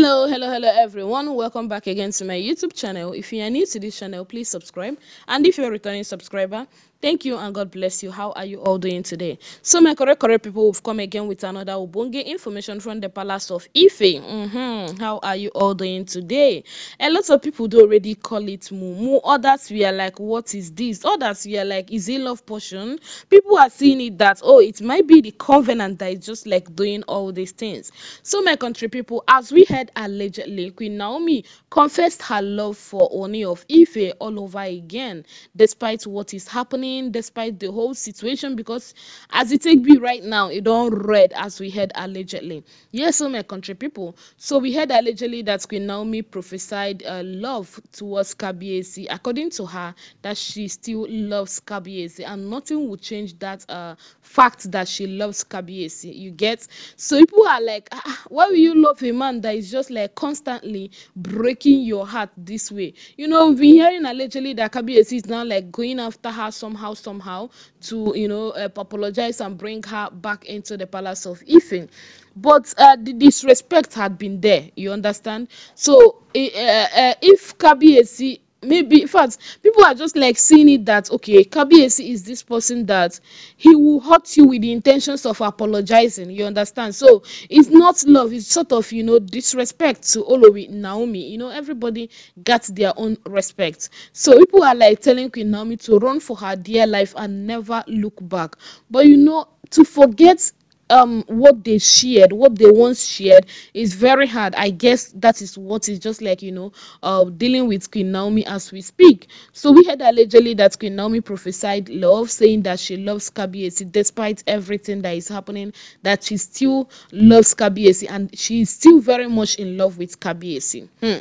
hello hello hello everyone welcome back again to my youtube channel if you are new to this channel please subscribe and if you're a returning subscriber thank you and god bless you how are you all doing today so my correct correct people we've come again with another ubonge information from the palace of ife mm -hmm. how are you all doing today a lot of people do already call it mumu others we are like what is this others we are like is it love potion people are seeing it that oh it might be the covenant that is just like doing all these things so my country people as we head allegedly Queen Naomi confessed her love for Oni of Ife all over again, despite what is happening, despite the whole situation, because as it take be right now, it don't read as we heard allegedly. Yes, so my country people. So we heard allegedly that Queen Naomi prophesied uh, love towards Kabiesi. According to her, that she still loves Kabiesi, and nothing will change that uh, fact that she loves Kabiesi. You get? So people are like, ah, ah, why will you love a man that is just just like constantly breaking your heart this way. You know, we've been hearing allegedly that Kabiesi is now like going after her somehow, somehow to, you know, uh, apologize and bring her back into the palace of Ifin. But uh, the disrespect had been there, you understand? So uh, if Kabiesi maybe in fact people are just like seeing it that okay kabiesi is this person that he will hurt you with the intentions of apologizing you understand so it's not love it's sort of you know disrespect to olowi naomi you know everybody got their own respect so people are like telling queen naomi to run for her dear life and never look back but you know to forget um what they shared what they once shared is very hard i guess that is what is just like you know uh dealing with queen naomi as we speak so we had allegedly that queen naomi prophesied love saying that she loves kabiesi despite everything that is happening that she still loves kabiesi and she is still very much in love with kabiesi hmm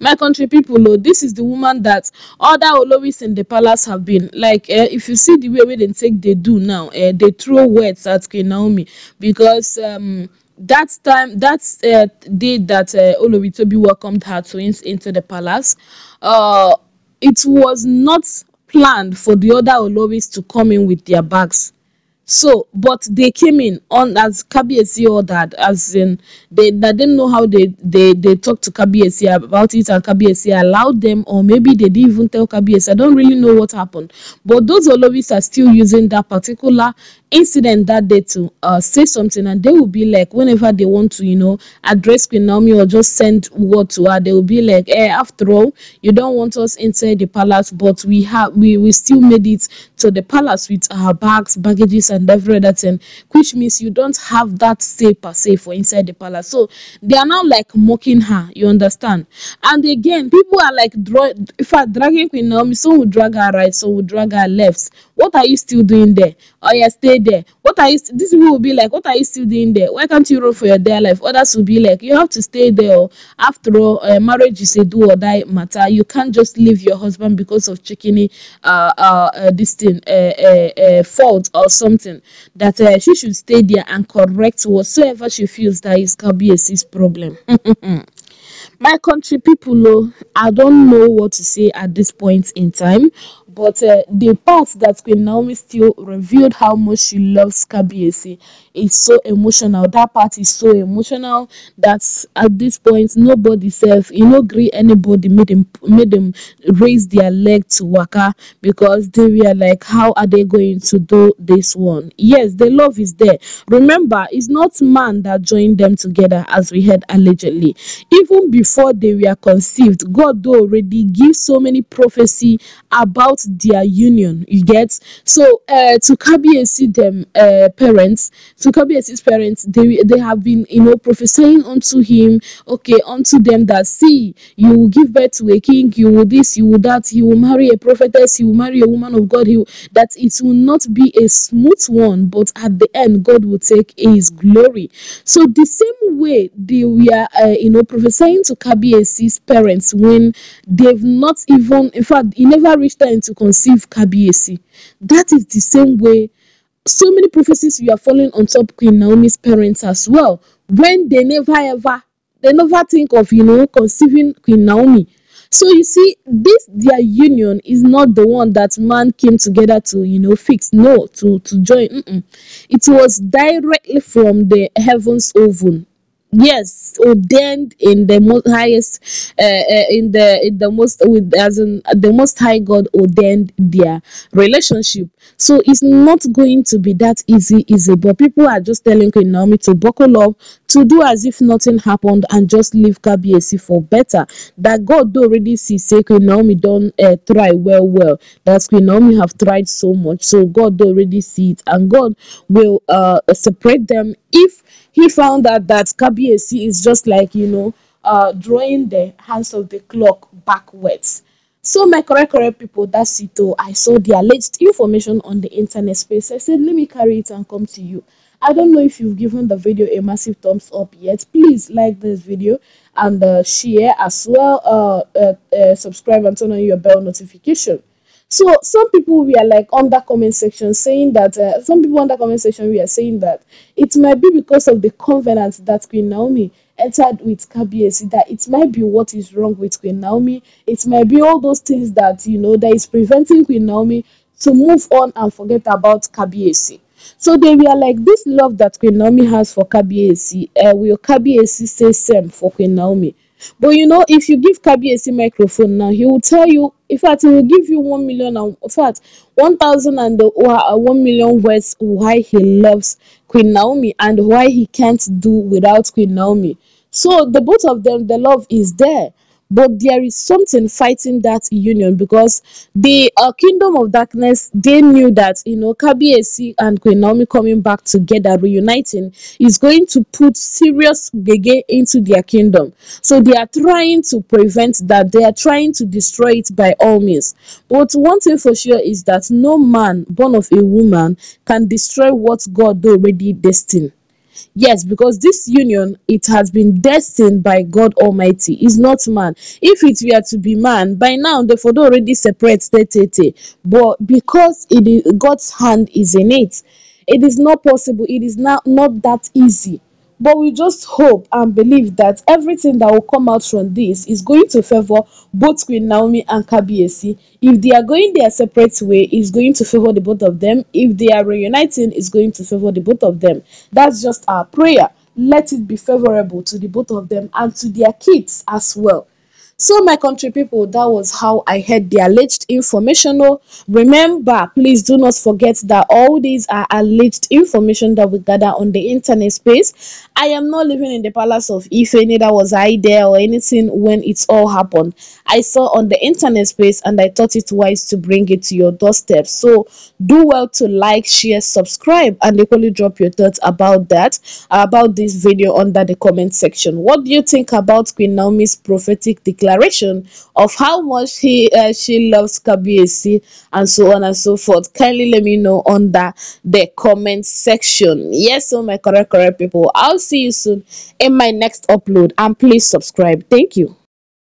my country people know this is the woman that other olowis in the palace have been like uh, if you see the way, way they take they do now uh, eh, they throw words at queen naomi because um that time that uh, day that uh, olowitobi welcomed her twins into the palace uh it was not planned for the other olowis to come in with their bags so, but they came in on as Kabiesi ordered, as in they they didn't know how they they they talked to Kabiesi about it, and Kabiesi allowed them, or maybe they didn't even tell Kabiesi. I don't really know what happened. But those Olobis are still using that particular incident that day to uh, say something, and they will be like, whenever they want to, you know, address Queen Naomi or just send word to her, they will be like, eh, after all, you don't want us inside the palace, but we have we we still made it to the palace with our bags, baggages, and and every other thing, which means you don't have that say per se for inside the palace. So they are now like mocking her, you understand? And again, people are like, if I dragging Queen Naomi, some would drag her right, so we drag her left. What are you still doing there? Oh, yeah, stay there. What are you, This people will be like, what are you still doing there? Why can't you run for your dear life? Others will be like, you have to stay there. Oh. After all, uh, marriage is a do or die matter. You can't just leave your husband because of chickeny, uh, uh, uh, this thing, uh, uh, uh, fault or something person that uh, she should stay there and correct whatsoever she feels that is KBS's problem. my country people oh, i don't know what to say at this point in time but uh, the part that Queen Naomi still revealed how much she loves Kabiesi is so emotional. That part is so emotional that at this point nobody says you know agree anybody made them made them raise their leg to Waka because they were like, how are they going to do this one? Yes, the love is there. Remember, it's not man that joined them together as we heard allegedly. Even before they were conceived, God already gives so many prophecy about about their union. You get so uh, to Kabiesi them uh, parents to Kabiesi's parents they they have been you know prophesying unto him okay unto them that see you will give birth to a king you will this you will that he will marry a prophetess he will marry a woman of God that it will not be a smooth one but at the end God will take his glory. So the same way they were uh, you know prophesying to Kabiesi's parents when they've not even in fact he never reached into to conceive Kabiesi. That is the same way so many prophecies you are falling on top Queen Naomi's parents as well. When they never ever, they never think of, you know, conceiving Queen Naomi. So you see, this their union is not the one that man came together to, you know, fix. No, to to join. Mm -mm. It was directly from the heavens oven yes ordained in the most highest uh, uh, in the in the most with as in the most high god ordained their relationship so it's not going to be that easy easy but people are just telling Queen Naomi to buckle up to do as if nothing happened and just leave Kabiesi for better. That God already see say Queen Naomi don't uh, eh, try well, well. That's Queen Naomi have tried so much, so God already see it, and God will uh, separate them if He found out that Kabiesi is just like you know. Uh, drawing the hands of the clock backwards. So, my correct, correct people, that's it. Though. I saw the alleged information on the internet space. I said, let me carry it and come to you. I don't know if you've given the video a massive thumbs up yet. Please like this video and uh, share as well. Uh, uh, uh subscribe and turn on your bell notification. So some people we are like on that comment section saying that uh, some people on that comment section we are saying that it might be because of the covenant that Queen Naomi entered with KBSC that it might be what is wrong with Queen Naomi. It might be all those things that you know that is preventing Queen Naomi to move on and forget about KBSC. So they were like, This love that Queen Naomi has for KBAC, uh, eh, will KBAC say same for Queen Naomi? But you know, if you give KBAC microphone now, he will tell you, in fact, he will give you 1 million, in fact, 1,000 and uh, 1 million words why he loves Queen Naomi and why he can't do without Queen Naomi. So the both of them, the love is there but there is something fighting that union because the uh, kingdom of darkness they knew that you know KBSC and Queen Naomi coming back together reuniting is going to put serious gege into their kingdom so they are trying to prevent that they are trying to destroy it by all means but one thing for sure is that no man born of a woman can destroy what God already destined Yes, because this union, it has been destined by God Almighty, is not man. If it were to be man, by now the photo already separates Tete. But because it is, God's hand is in it, it is not possible. It is not, not that easy but we just hope and believe that everything that will come out from this is going to favor both Queen Naomi and Kabiesi. If they are going their separate way, it's going to favor the both of them. If they are reuniting, it's going to favor the both of them. That's just our prayer. Let it be favorable to the both of them and to their kids as well. So, my country people, that was how I heard the alleged information. Remember, please do not forget that all these are alleged information that we gather on the internet space. I am not living in the palace of Ife, neither was I there or anything when it all happened. I saw on the internet space and I thought it wise to bring it to your doorstep. So, do well to like, share, subscribe, and equally drop your thoughts about that, about this video under the comment section. What do you think about Queen Naomi's prophetic declaration? declaration of how much he uh, she loves Kabiesi and so on and so forth. Kindly let me know under the comment section. Yes, so oh my correct correct people. I'll see you soon in my next upload and please subscribe. Thank you.